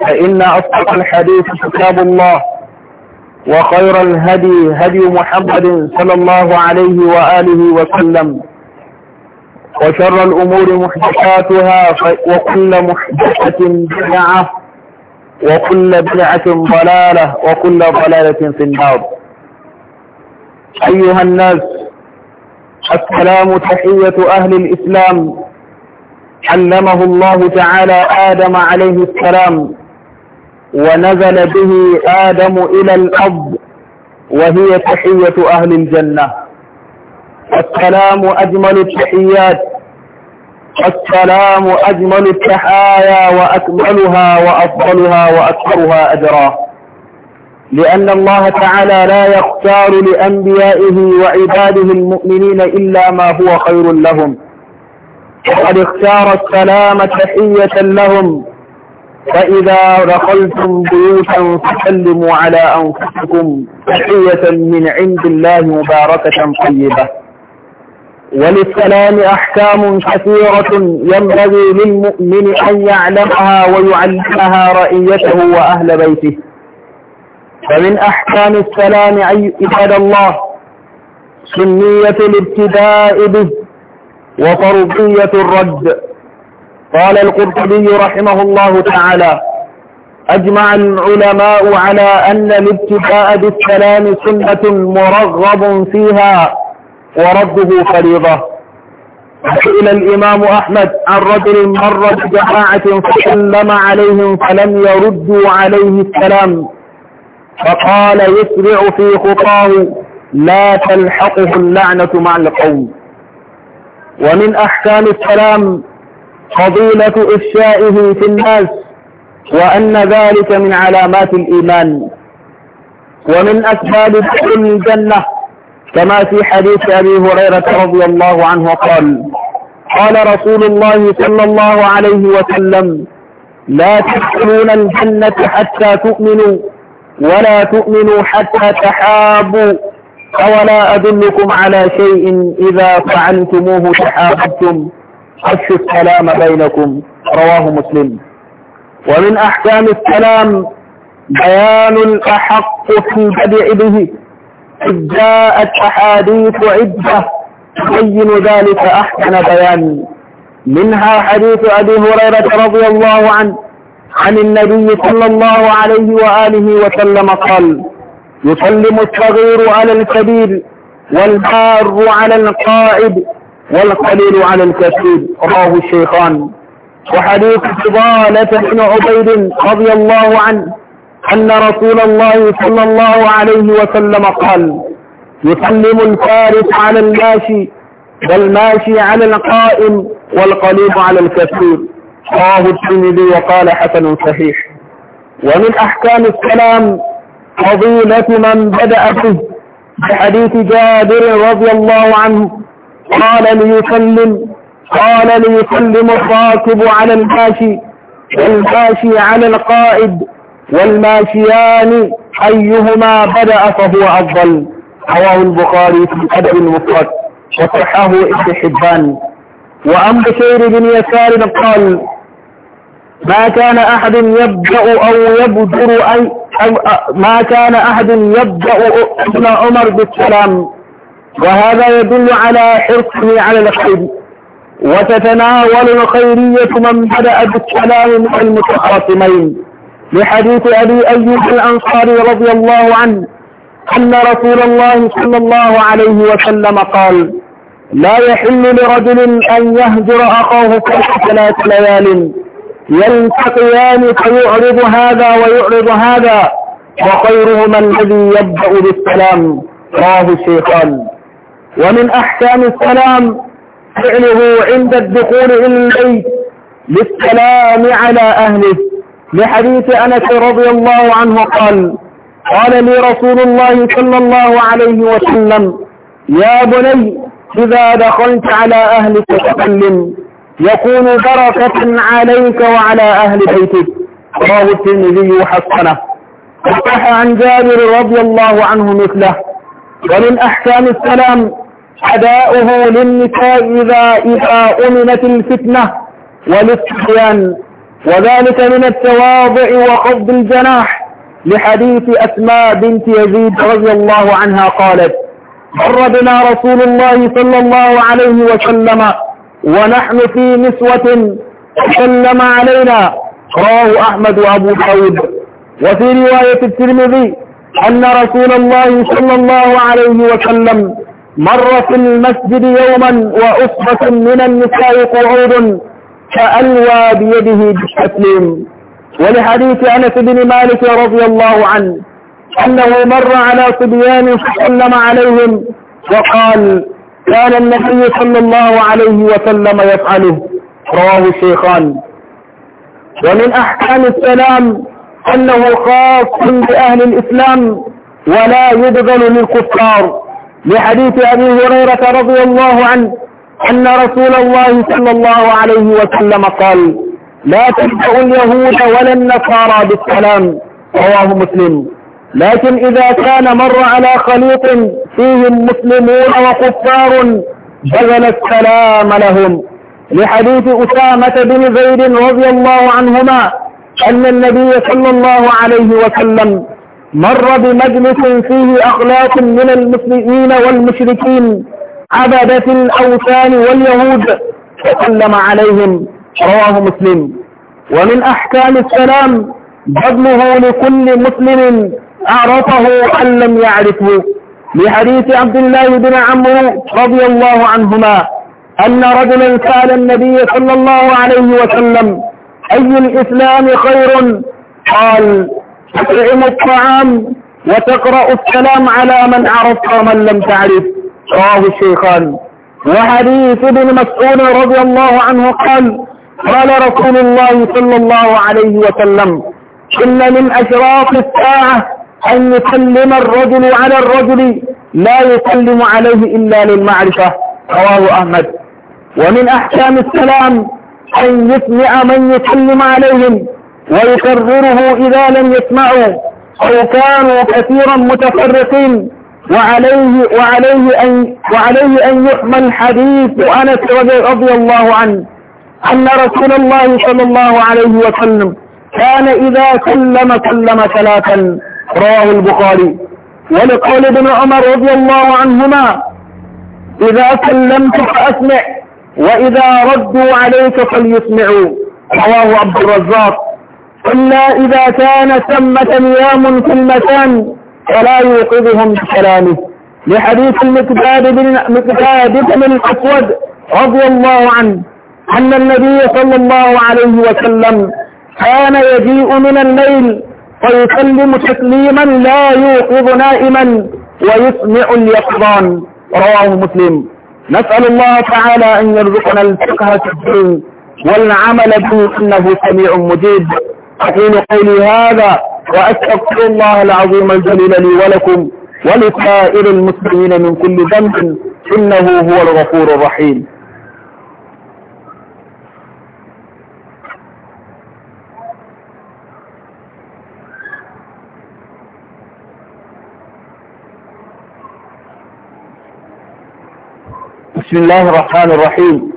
فإن أصدق الحديث كتاب الله وخير الهدي هدي محمد صلى الله عليه وآله وسلم وشر الأمور محدثاتها وكل محدثة بدعة وكل بدعة ضلالة وكل ضلالة في النار أيها الناس السلام تحية أهل الإسلام علمه الله تعالى آدم عليه السلام ونزل به آدم إلى الأرض وهي تحية أهل الجنة السلام أجمل التحيات السلام أجمل التحايا وأكملها وأفضلها وأكثرها أجرا لأن الله تعالى لا يختار لأنبيائه وعباده المؤمنين إلا ما هو خير لهم وقد اختار السلام تحية لهم فإذا دخلتم بيوتا فسلموا على أنفسكم تحية من عند الله مباركة طيبة وللسلام أحكام كثيرة ينبغي للمؤمن أن يعلمها ويعلمها رئيته وأهل بيته فمن أحكام السلام أي عباد الله سنية الابتداء به وفرضية الرد قال القرطبي رحمه الله تعالى أجمع العلماء على أن الابتداء بالسلام سنة مرغب فيها ورده فريضة إلى الإمام أحمد عن رجل مر بجماعة فسلم عليهم فلم يردوا عليه السلام فقال يسرع في خطاه لا تلحقه اللعنة مع القوم ومن أحكام السلام فضيلة إفشائه في الناس وأن ذلك من علامات الإيمان ومن أسباب دخول الجنة كما في حديث أبي هريرة رضي الله عنه قال قال رسول الله صلى الله عليه وسلم لا تدخلون الجنة حتى تؤمنوا ولا تؤمنوا حتى تحابوا أولا أدلكم على شيء إذا فعلتموه تحاببتم حشوا السلام بينكم رواه مسلم ومن أحكام السلام بيان الأحق في البدع به إذ جاءت أحاديث عدة تبين ذلك أحسن بيان منها حديث أبي هريرة رضي الله عنه عن النبي صلى الله عليه وآله وسلم قال يسلم الصغير على الكبير والبار على القائد والقليل عن الكثير راه الشيخان وحديث فضالة بن عبيد رضي الله عنه أن رسول الله صلى الله عليه وسلم قال يسلم الفارس على الماشي والماشي على القائم والقليل على الكثير رواه الترمذي وقال حسن صحيح ومن أحكام السلام فضيلة من بدأ به بحديث جابر رضي الله عنه قال ليسلم قال ليسلم الراكب على الماشي والماشي على القائد والماشيان أيهما بدأ فهو أفضل رواه البخاري في الأدب المفرد وصححه ابن حبان وعن بشير بن يسار قال ما كان أحد يبدأ أو يبدر أي ما كان أحد يبدأ ابن عمر بالسلام وهذا يدل على حرصه على الخير وتتناول الخيرية من بدأ بالسلام مع المتخاصمين لحديث أبي أيوب الأنصاري رضي الله عنه أن رسول الله صلى الله عليه وسلم قال لا يحل لرجل أن يهجر أخاه فوق ثلاث ليال يلتقيان فيعرض هذا ويعرض هذا وخيرهما الذي يبدأ بالسلام راه الشيخان ومن أحكام السلام فعله عند الدخول الى البيت للسلام على أهله لحديث أنس رضي الله عنه قال قال لي رسول الله صلى الله عليه وسلم يا بني إذا دخلت على أهلك فسلم يكون بركة عليك وعلى أهل بيتك رواه الترمذي وحسنه وصح عن جابر رضي الله عنه مثله ومن أحكام السلام أداؤه للنساء إذا إذا أمنت الفتنة والاستحيان وذلك من التواضع وخفض الجناح لحديث أسماء بنت يزيد رضي الله عنها قالت بنا رسول الله صلى الله عليه وسلم ونحن في نسوة سلم علينا رواه أحمد وأبو داود وفي رواية الترمذي أن رسول الله صلى الله عليه وسلم مر في المسجد يوما وأصبة من النساء قعود فألوى بيده بالتسليم ولحديث أنس بن مالك رضي الله عنه أنه مر على صبيان فسلم عليهم وقال كان النبي صلى الله عليه وسلم يفعله رواه الشيخان ومن أحكام السلام أنه خاص بأهل الإسلام ولا يدغل للكفار لحديث أبي هريرة رضي الله عنه أن رسول الله صلى الله عليه وسلم قال لا تبدأ اليهود ولا النصارى بالسلام رواه مسلم لكن إذا كان مر على خليط فيهم مسلمون وكفار بذل السلام لهم لحديث أسامة بن زيد رضي الله عنهما أن النبي صلى الله عليه وسلم مر بمجلس فيه أخلاق من المسلمين والمشركين عبدة الأوثان واليهود فسلم عليهم رواه مسلم ومن أحكام السلام بدله لكل مسلم أعرفه أن لم يعرفه لحديث عبد الله بن عمرو رضي الله عنهما أن رجلا سأل النبي صلى الله عليه وسلم أي الإسلام خير قال تطعم الطعام وتقرأ السلام على من عرفت ومن لم تعرف رواه الشيخان وحديث ابن مسعود رضي الله عنه قال قال رسول الله صلى الله عليه وسلم إن من أشراف الساعة أن يسلم الرجل على الرجل لا يسلم عليه إلا للمعرفة رواه أحمد ومن أحكام السلام أن يسمع من يسلم عليهم ويكرره إذا لم يسمعوا أو كانوا كثيرا متفرقين وعليه وعليه أن وعليه أن يحمل حديث أنس رضي الله عنه أن رسول الله صلى الله عليه وسلم كان إذا سلم سلم ثلاثا رواه البخاري ولقول ابن عمر رضي الله عنهما إذا سلمت فأسمع وإذا ردوا عليك فليسمعوا رواه عبد الرزاق إلا إذا كان ثمة نيام في المكان فلا يوقظهم بكلامه لحديث المكتاب بن مقداد بن الأسود رضي الله عنه أن النبي صلى الله عليه وسلم كان يجيء من الليل فيسلم تسليما لا يوقظ نائما ويسمع اليقظان رواه مسلم نسأل الله تعالى أن يرزقنا الفقه في الدين والعمل به إنه سميع مجيب أقول قولي هذا وأستغفر الله العظيم الجليل لي ولكم ولسائر المسلمين من كل ذنب إنه هو الغفور الرحيم بسم الله الرحمن الرحيم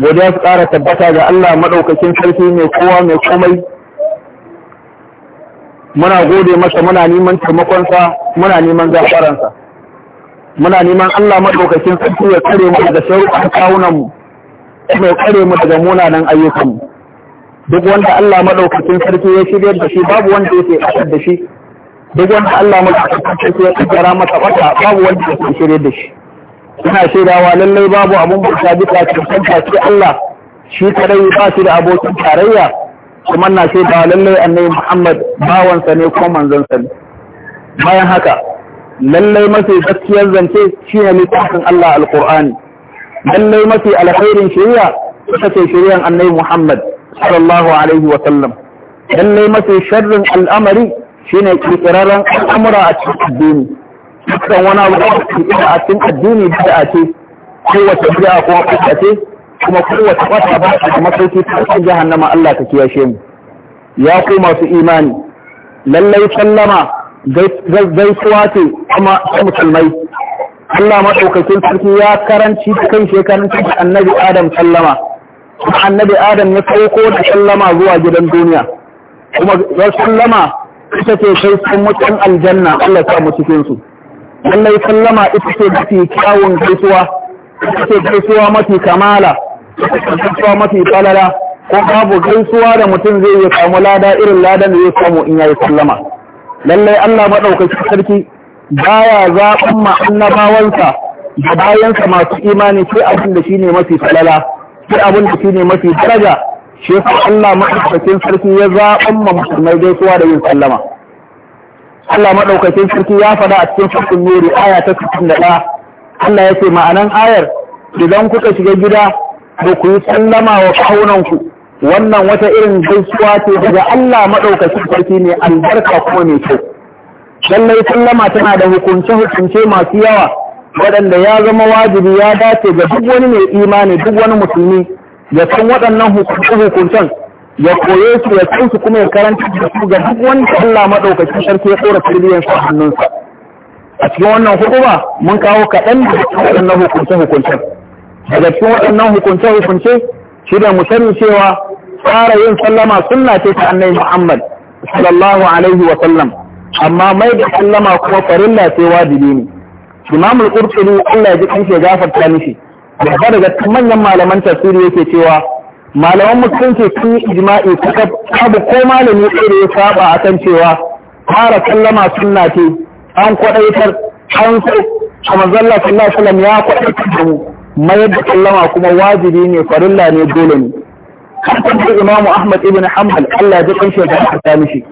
godiya su ƙara tabbata ga Allah maɗaukakin sarki mai kowa mai komai muna gode masa muna neman taimakonsa muna neman gafaransa muna neman Allah maɗaukakin sarki ya kare mu daga sharuɗan kawunanmu kuma ya kare mu daga munanan ayyukanmu duk wanda Allah maɗaukakin sarki ya shigar da shi babu wanda yake ƙasar da shi duk wanda Allah maɗaukakin sarki ya ƙaddara masa wata babu wanda yake shigar da shi ina shaidawa lallai babu abun bauta bisa cancanta ce Allah shi kadai ba shi da abokin tarayya kuma na shaidawa lallai annabi Muhammad bawansa ne ko manzansa ne bayan haka lallai mafi gaskiyar zance shi ne littafin Allah alqur'ani lallai mafi alkhairin shari'a ita ce shari'ar annabi Muhammad sallallahu alaihi wa sallam lallai mafi sharrin al'amari shine kirkirarren al'amura a cikin addini dukkan wani abu da ita a cikin addini bid'a ce kowace bid'a ko bid'a ce kuma kowace wata ba ta da masauki ta cikin jahannama Allah ka kiyashe mu ya ku masu imani lallai sallama gaisuwa ce kuma musulmai Allah maɗaukakin sarki ya karanci da kan shekarun da annabi Adam sallama kuma annabi Adam ya sauko da sallama zuwa gidan duniya kuma sallama ita ce kai sun mutan aljanna Allah ta mu cikin su lallai sallama ita ce mafi kyawun gaisuwa ita ce gaisuwa mafi kamala ita gaisuwa mafi falala ko babu gaisuwa da mutum zai yi samu lada irin ladan da zai samu in yayi sallama lallai Allah madaukaki sarki baya zaɓin ma annabawansa da bayansa masu imani sai abin da shine mafi falala sai abin da shine mafi daraja shi yasa Allah madaukakin sarki ya zaɓin ma musulmai gaisuwa da yin sallama Allah maɗaukacin sarki ya faɗa a cikin sarkin nuri aya ta 61 Allah ya ce ma'anan ayar idan kuka shiga gida ba ku yi sallama wa kaunanku wannan wata irin gaisuwa ce daga Allah maɗaukacin sarki ne albarka kuma mai kyau lallai sallama tana da hukunce-hukunce masu yawa waɗanda ya zama wajibi ya dace ga duk wani mai imani duk wani musulmi ya san waɗannan hukunce-hukuncen ya koye su ya kai su kuma ya karanta da su ga duk wanda Allah madaukaki sarki ya tsora tarbiyyar sa hannunsa a cikin wannan hukuma mun kawo kaɗan da cikin waɗannan hukunce hukunce daga cikin waɗannan hukunce hukunce shi da mu sani cewa tsara yin sallama sunna ce ta annabi Muhammad sallallahu alaihi wa sallam amma mai da sallama kuma farilla ce wajibi ne Imam al-Qurtubi Allah ya ji kanshi ya gafarta mishi da daga manyan malaman tafsiri yake cewa malaman musulunci sun yi ijma'i ta ko malami ɗaya ya saba a kan cewa fara sallama suna ce an kwaɗaitar an ku a mazalla ya kwaɗaitar da mu mayar da kallama kuma wajibi ne farilla ne dole ne hakan da imamu ahmad ibn hamal Allah ya kan shi da ta mishi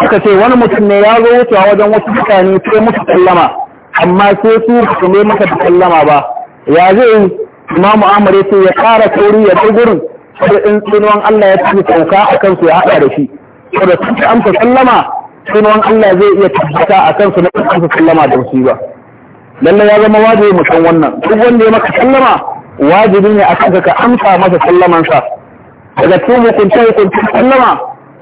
aka ce wani mutum ne ya zo wucewa wajen wasu mutane sai musu kallama amma sai su su mai masa da kallama ba ya zai imamu ahmad ya ce ya kara tauri ya ta gurin sai in tsinuwan Allah ya tafi sauka a kansu ya haɗa da shi saboda sun ci amsa sallama tsinuwan Allah zai iya tabbata a kansu na amsa sallama da wasu ba lalle ya zama wajibi mu san wannan duk wanda ya maka sallama wajibi ne a kanka ka amsa masa sa, daga cikin hukunce hukunce sallama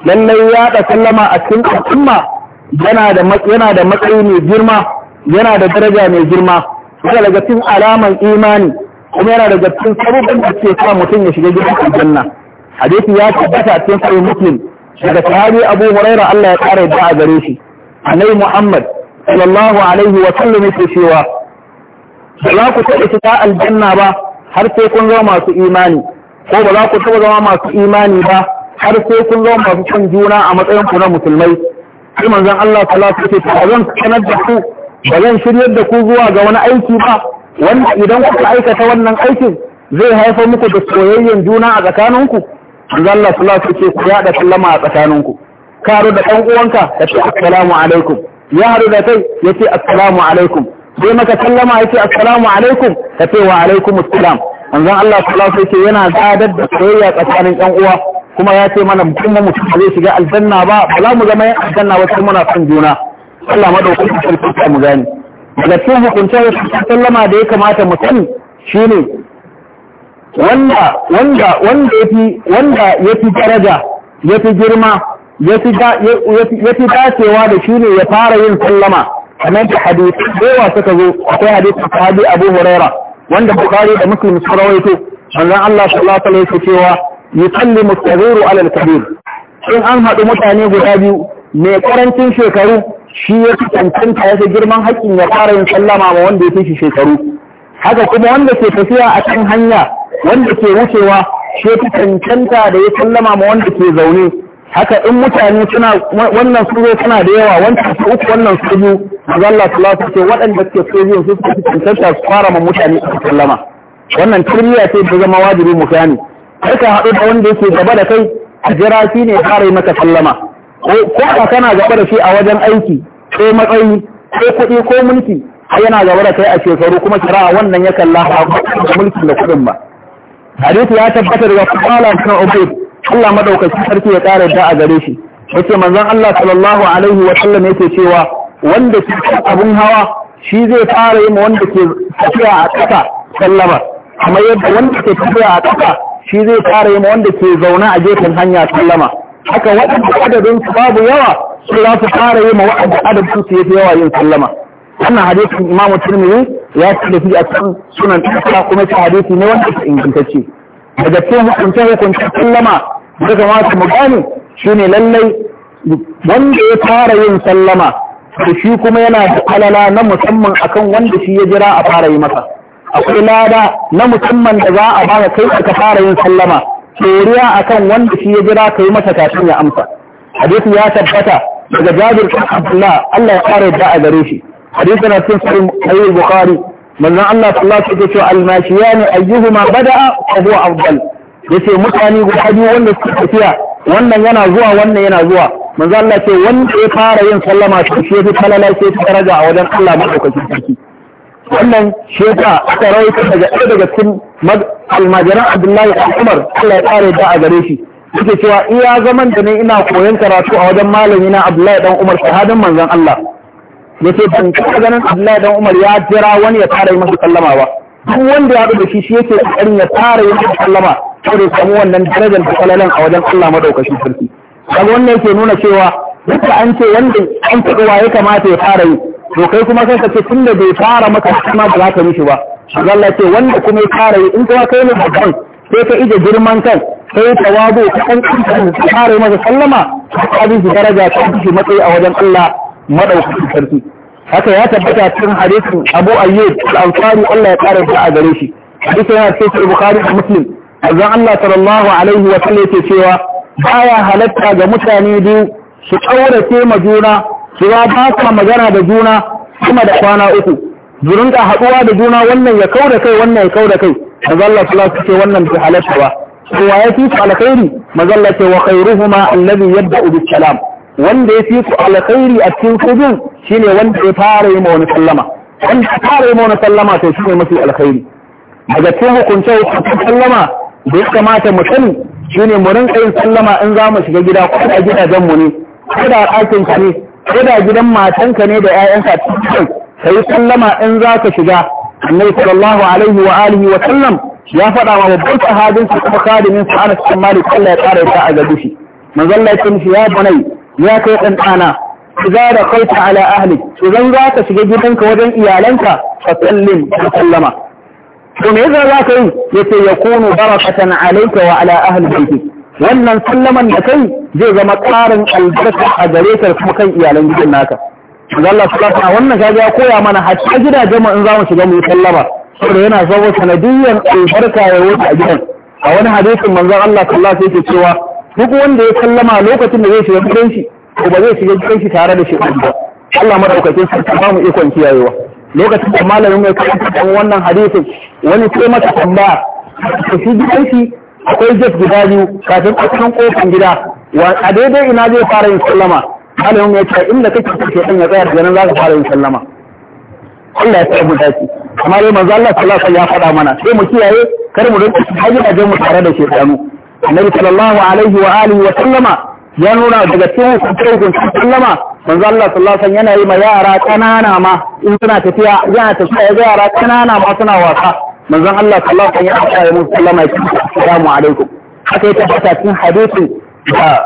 lallai ya da sallama a cikin al'umma yana da yana da matsayi mai girma yana da daraja mai girma daga cikin alaman imani kuma yana daga cikin sabubban da ke sa mutum ya shiga gidan aljanna hadisi ya tabbata a cikin sahih muslim daga sahabi abu huraira Allah ya kare da a gare shi annabi muhammad sallallahu alaihi wa sallam yake cewa ba za ku taɓa shiga aljanna ba har sai kun zama masu imani ko ba za ku taɓa zama masu imani ba har sai kun zama masu son juna a matsayin ku na musulmai sai manzon Allah sallallahu alaihi wa sallam ya ce ba zan sanar da ku ba zan shiryar da ku zuwa ga wani aiki ba wanda idan kuka aikata wannan aikin zai haifa muku da soyayyen juna a tsakaninku Allah sallallahu alaihi ku yada sallama a tsakaninku ka da ɗan uwanka ka ce assalamu alaikum ya haru da kai ya ce assalamu alaikum sai maka sallama ya ce assalamu alaikum ka ce wa alaikum assalam manzon Allah sallallahu alaihi yana zadar da soyayya tsakanin ɗan uwa kuma ya ce mana mutum mu mutum zai shiga aljanna ba ba za mu zama yan aljanna ba sai muna son juna Allah madaukakin sarki mu gani daga cikin hukuncin sallama da ya kamata mu sani shine wanda wanda wanda yafi wanda yafi daraja yafi girma yafi yafi dacewa da shine ya fara yin sallama kamar da hadisi da suka zo akwai hadisin sahabi Abu Huraira wanda Bukhari da Muslim suka rawaito manzon Allah sallallahu alaihi wasallam cewa yusallimu as-saghiru 'ala al-kabir in an haɗu mutane guda biyu mai karancin shekaru shi ya fi cancanta ya fi girman haƙƙin ya fara yin sallama ma wanda ya fi shi shekaru haka kuma wanda ke tafiya a kan hanya wanda ke wucewa shi ya fi cancanta da ya sallama ma wanda ke zaune haka in mutane suna wannan su suna da yawa wancan su uku wannan su biyu mazalla su lafi ce waɗanda suke so biyu su suka fi cancanta su fara ma mutane su sallama wannan tarbiyya ce ta zama wajibi mu gane kar ka haɗu da wanda yake gaba da kai a jira shi ne fara yi maka sallama ko a kana gaba da shi a wajen aiki ko matsayi ko kuɗi ko mulki a yana gaba da kai a shekaru kuma kira wannan ya kalla a mulkin da kuɗin ba hadisi ya tabbatar da a na ubayd Allah madaukaki sarki ya ƙara da a gare shi yace manzon Allah sallallahu alaihi wa sallam yake cewa wanda ke abun hawa shi zai fara yi wanda ke tafiya a ƙasa sallama kamar yadda wanda ke tafiya a ƙasa shi zai fara yi wanda ke zauna a gefen hanya sallama haka waɗanda adadin su babu yawa su za su fara yi ma waɗanda adadin su yafi yawa yin sallama wannan hadisin imam turmiri ya ce a cikin sunan tsaka kuma ta hadisi ne wanda ke ingantacce daga cikin hukunce hukuncen sallama da kamata mu gane shine lallai wanda ya fara yin sallama da shi kuma yana da alala na musamman akan wanda shi ya jira a fara yi masa akwai lada na musamman da za a baka kai ka fara yin sallama toriya akan wanda shi ya jira ka yi masa kafin ya amsa hadisi ya tabbata daga jabir bin abdullah Allah ya fara yadda a gare shi hadisi na cikin sahih bukhari manzon Allah sallallahu alaihi wasallam ya ce al ayyuhuma bada'a fa huwa afdal yace mutane guda biyu wanda suke tafiya wannan yana zuwa wannan yana zuwa manzon Allah ce wanda ya fara yin sallama to shi ya fi falala sai daraja a wajen Allah madaukakin sarki wannan sheka aka rawaita daga ɗaya daga cikin almajiran abdullahi al'umar allah ya ƙara yadda a gare shi yake cewa iya zaman da ne ina koyon karatu a wajen malami na abdullahi dan umar shahadin manzon allah yace ban taɓa ganin abdullahi dan umar ya jira wani ya fara yi masa sallama ba duk wanda ya haɗu da shi shi yake ƙoƙarin ya fara yi masa sallama saboda samu wannan darajar da falalan a wajen allah madaukakin sarki kaga wannan yake nuna cewa duk da an ce wanda an taɓa ya kamata ya fara yi to kai kuma sai ka ce tun da bai fara maka kuma ba za ka mishi ba Allah ce wanda kuma ya fara yi in kuma kai ne babban sai ka ije girman kan sai ka wabo ka kan kan ka fara masa sallama ka bi shi daraja ka bi shi matsayi a wajen Allah madaukakin sarki haka ya tabbata cikin hadisin Abu Ayyub al-Ansari Allah ya kare shi a gare shi hadisin yana cikin Bukhari da Muslim azan Allah sallallahu alaihi wa sallam yake cewa baya halatta ga mutane biyu su kaurace ma juna cewa ba ka magana da juna kuma da kwana uku zurinka haɗuwa da juna wannan ya kau da kai wannan ya kau da kai mazalla kula su ce wannan bai halatta ba kowa ya fi su alkhairi mazalla ce wa khairuhuma allazi yabda'u bis salam wanda ya fi su alkhairi a cikin kujin shine wanda ya fara yi ma wani sallama wanda ya fara yi ma wani sallama to shine mafi alkhairi daga cikin hukunce hukuncin sallama da ya kamata mu sani shine mu rinka yin sallama in za mu shiga gida ko a gidajen mu ne ko da ɗakin ka ne ko da gidan matanka ne da 'ya'yanka cikin kai sallama in za ka shiga Annai sallallahu alaihi wa alihi wa sallam ya faɗa wa babban sahabin su kuma kadimin su ana bin Malik ya ƙara ta a gabi shi manzon ya ce ya bunai ya kai dan dana idza da qalta ala ahli idan za ka shiga gidanka wajen iyalanka fa sallim ka sallama to me za ka yi yace kunu barakatan alaika wa ala ahli baitik wannan sallaman da kai zai zama ƙarin albarka a gare ka kuma kan iyalan gidan naka Allah su kafa wannan kaga ya koya mana a gidajen mu in za mu shiga mu sallama saboda yana zama sanadiyyar albarka ya wuce a gidan a wani hadisin manzon Allah sallallahu alaihi wasallam cewa duk wanda ya sallama lokacin da zai shiga gidan shi ko ba zai shiga gidan shi tare da shi ba Allah madaukakin sarki ba mu ikon kiyayewa lokacin da malamin mai kai wannan hadisin wani sai mata tambaya ko shi gidan shi akwai jet guda biyu kafin a cikin kofin gida wa a daidai ina zai fara yin sallama malamin ya ce inda kake kake ɗan ya tsaya daga nan za ka fara yin sallama Allah ya tsaya guda ki amma dai manzo Allah sallallahu alaihi ya faɗa mana sai mu kiyaye kar mu rinka hajjaje mu tare da shaytanu annabi sallallahu alaihi wa alihi wa sallama ya nuna daga cikin hukuncin sallama manzo Allah sallallahu alaihi yana yi ma yara kanana ma in suna tafiya yana tafiya ga yara kanana ma suna wasa manzon Allah sallallahu alaihi wasallam ya ce mu sallama ki assalamu alaikum haka ya tabbata cikin hadisin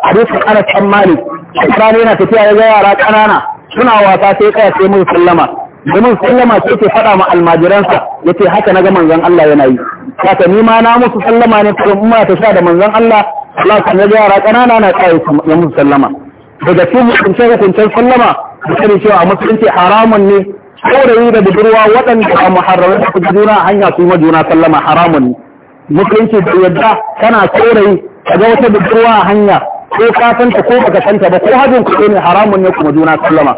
hadisin Anas bin Malik kana yana tafiya ya ga yara kanana suna wasa sai kai sai mun sallama Da mun sallama sai ke faɗa ma almajiransa yace haka naga manzon Allah yana yi haka ni ma na musu sallama ne kuma umma ta sha da manzon Allah Allah kan ga yara kanana na kai ya musu sallama daga cikin hukunce hukuncen sallama da cewa a musulunci haramun ne saurayi da budurwa waɗanda a muharramai da kuma juna hanya su ma juna sallama haramun mutunci da yadda kana saurayi ka ga wata budurwa a hanya ko ka ko baka santa ba ko hajin kuɗi ne haramun ne kuma juna sallama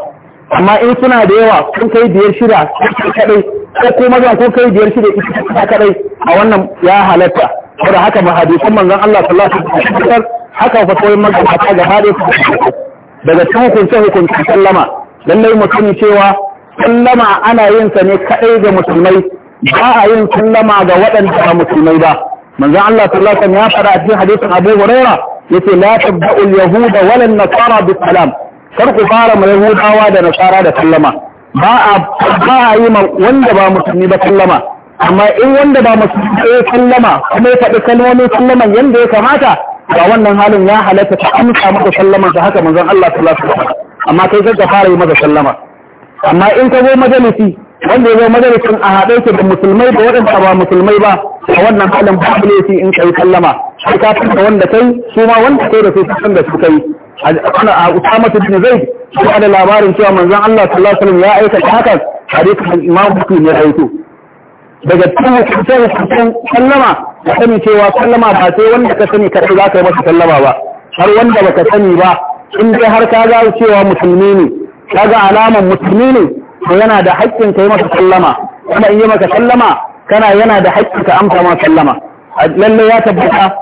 amma in suna da yawa kun kai biyar shida kaɗai ko kuma kun kai biyar shida ita kaɗai a wannan ya halatta da haka ba hadisun manzon Allah sallallahu alaihi wasallam haka fa koyi ta ga daga cikin sallama lallai mutum cewa sallama ana yin sa ne kaɗai ga musulmai ba a yin sallama ga waɗanda ba musulmai ba manzon Allah sallallahu alaihi ya fara a cikin hadisin Abu Hurairah yace la tabda'u al-yahuda wala an-nasara bi salam kar ku fara mu yahudawa da nasara da sallama ba a ba a yi wanda ba musulmi ba sallama amma in wanda ba musulmi ya sallama kuma ya faɗi kalmomin sallaman yanda ya kamata ga wannan halin ya halatta ta amsa masa sallaman ta haka manzon Allah sallallahu alaihi amma kai sai ka fara yi masa sallama amma in ka zo majalisi wanda ya zo majalisin a haɗe ke da musulmai da waɗanda ba musulmai ba a wannan halin babu laifi in kai sallama sai ka fi da wanda kai su ma wanda kai da su san da su kai a usamatu bin zaid su da labarin cewa manzon Allah sallallahu alaihi ya aikata haka hadisin imam bukhari ne rawaito daga cikin hukuncin hukuncin sallama ka sani cewa sallama ba sai wanda ka sani kaɗai za ka yi masa sallama ba har wanda baka sani ba in dai har ka ga cewa musulmi ne kaga alaman musulmi ne to yana da haƙƙin ka yi masa sallama kuma in yi maka sallama kana yana da haƙƙin ka amsa masa sallama lalle ya tabbata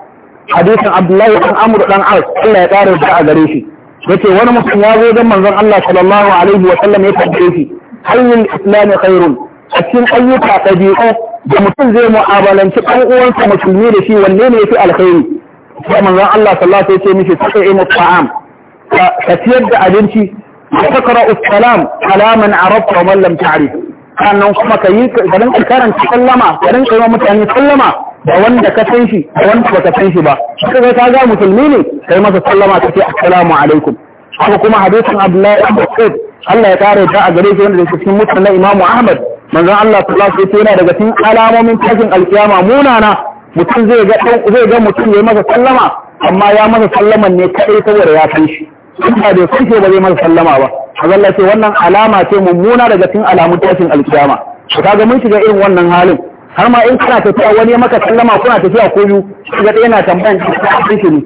hadisin Abdullahi ibn Amr dan Aus Allah ya ƙara da a gare shi yace wani mutum ya zo don manzon Allah sallallahu alaihi wa sallam ya tabbace shi hayyul islam khairun a cikin ayyuka ɗabi'u da mutum zai mu'amalanci ɗan uwansa musulmi da shi wanne ne yafi alkhairi sai manzon Allah sallallahu alaihi wa sallam ya ce mishi taqimu ta'am ka ciyar da abinci وتقرأ السلام على من عرفت ومن لم تعرف sannan kuma ka yi garin karanta sallama garin kai mutane sallama da wanda ka san shi da wanda baka san shi ba shi kai ka ga musulmi ne kai masa sallama ka ce assalamu alaikum haka kuma hadisin Abdullahi ibn Mas'ud Allah ya kare ta a gare shi wanda yake cikin mutan na Imam Ahmad manzon Allah sallallahu alaihi wasallam yana daga cikin alamomin tashin alkiyama munana mutum zai ga zai ga mutum yayi masa sallama amma ya masa sallaman ne kadai saboda ya san shi ba bai farke ba zai masa sallama ba Allah ce wannan alama ce mummuna daga cikin alamun tashin alkiyama to kaga mun shiga irin wannan halin har ma in kana tafiya wani ya maka sallama kuna tafiya ko biyu kaga ɗaya na tambayan cikin shi ne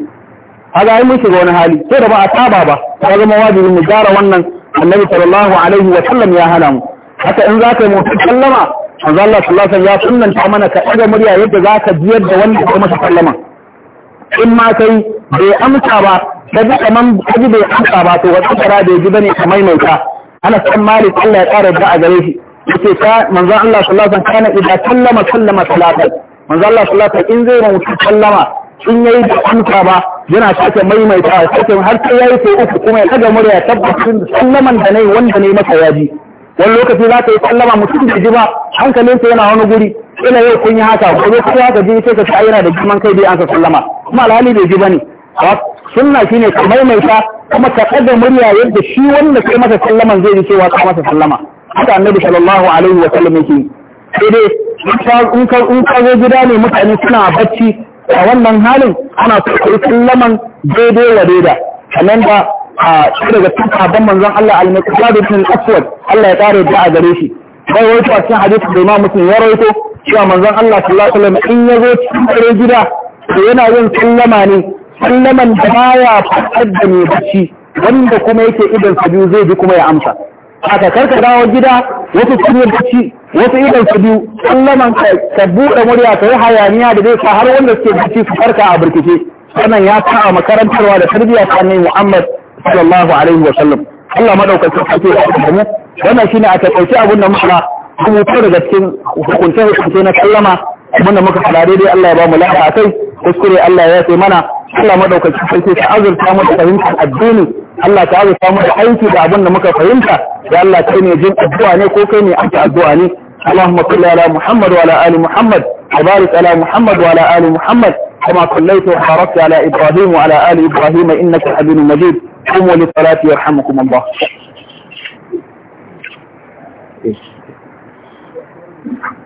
kaga ai mun shiga wani hali sai da ba a saba ba ya zama wajibi mu gyara wannan annabi sallallahu alaihi wa sallam ya hana mu haka in zaka yi mu sallama Allah sallallahu alaihi ya sunnanta mana ka ɗaga murya yadda zaka biyar da wanda ya masa sallama in ma kai bai amsa ba ka ji kaman kaji bai amsa ba to wata kara bai ji bane ka maimaita ana san malik Allah ya ƙara da a gare shi yace ka manzo Allah sallallahu alaihi wasallam kana idan sallama sallama salatan manzo Allah sallallahu alaihi wasallam in zai mutu sallama in yayi da amsa ba yana sake maimaita sake har sai yayi sai uku kuma ya ga murya tabbatin sallaman da nayi wanda nayi masa yaji wani lokaci za ka yi sallama mutum da ji ba hankalinsa yana wani guri ina yau kun yi haka ko kowa haka ji sai ka sa yana da giman kai dai an ka sallama kuma alhali bai ji bane sunna shine ka maimaita kuma ka kada murya yadda shi wanda kai masa sallaman zai ji cewa ka masa sallama haka annabi sallallahu alaihi wa sallam yake sai dai in ka in ka zo gida ne mutane suna bacci a wannan halin ana so ka sallaman daidai wa daida sannan da a shi daga cikin sabon manzon Allah al-Muqaddad ibn al-Aswad Allah ya kare da a gare shi bai wai a cikin hadisi da Imam Muslim ya rawaito cewa manzon Allah sallallahu alaihi wa sallam in ya zo cikin gida to yana yin sallama ne sallaman da baya faɗar da mai bacci wanda kuma yake idan sa biyu zai bi kuma ya amsa aka karka dawo gida wasu cinyar bacci wasu idan sa biyu sallaman ka buɗe murya ka yi hayaniya da zai sa har wanda suke bacci su farka a birkice Sannan ya sa a makarantarwa da tarbiyya ta annabi Muhammad sallallahu alaihi wa sallam Allah madaukakin sarki ya da mu wannan shine a takaice abin da muka rubuta daga cikin hukunce hukunce na sallama abin da muka fara daidai Allah ya ba mu lafiya kai kuskure Allah ya sai mana Allah madaukakin sarki ta azurta mu da fahimtar addini Allah ta azurta mu aiki da abin da muka fahimta ya Allah kai ne jin addu'a ne ko kai ne ake addu'a ne Allahumma salli ala Muhammad wa ala ali Muhammad wa barik ala Muhammad wa ala ali Muhammad ala صليت وباركت على إبراهيم وعلى آل إبراهيم إنك حميد مجيد قوموا للصلاة يرحمكم الله Thank you.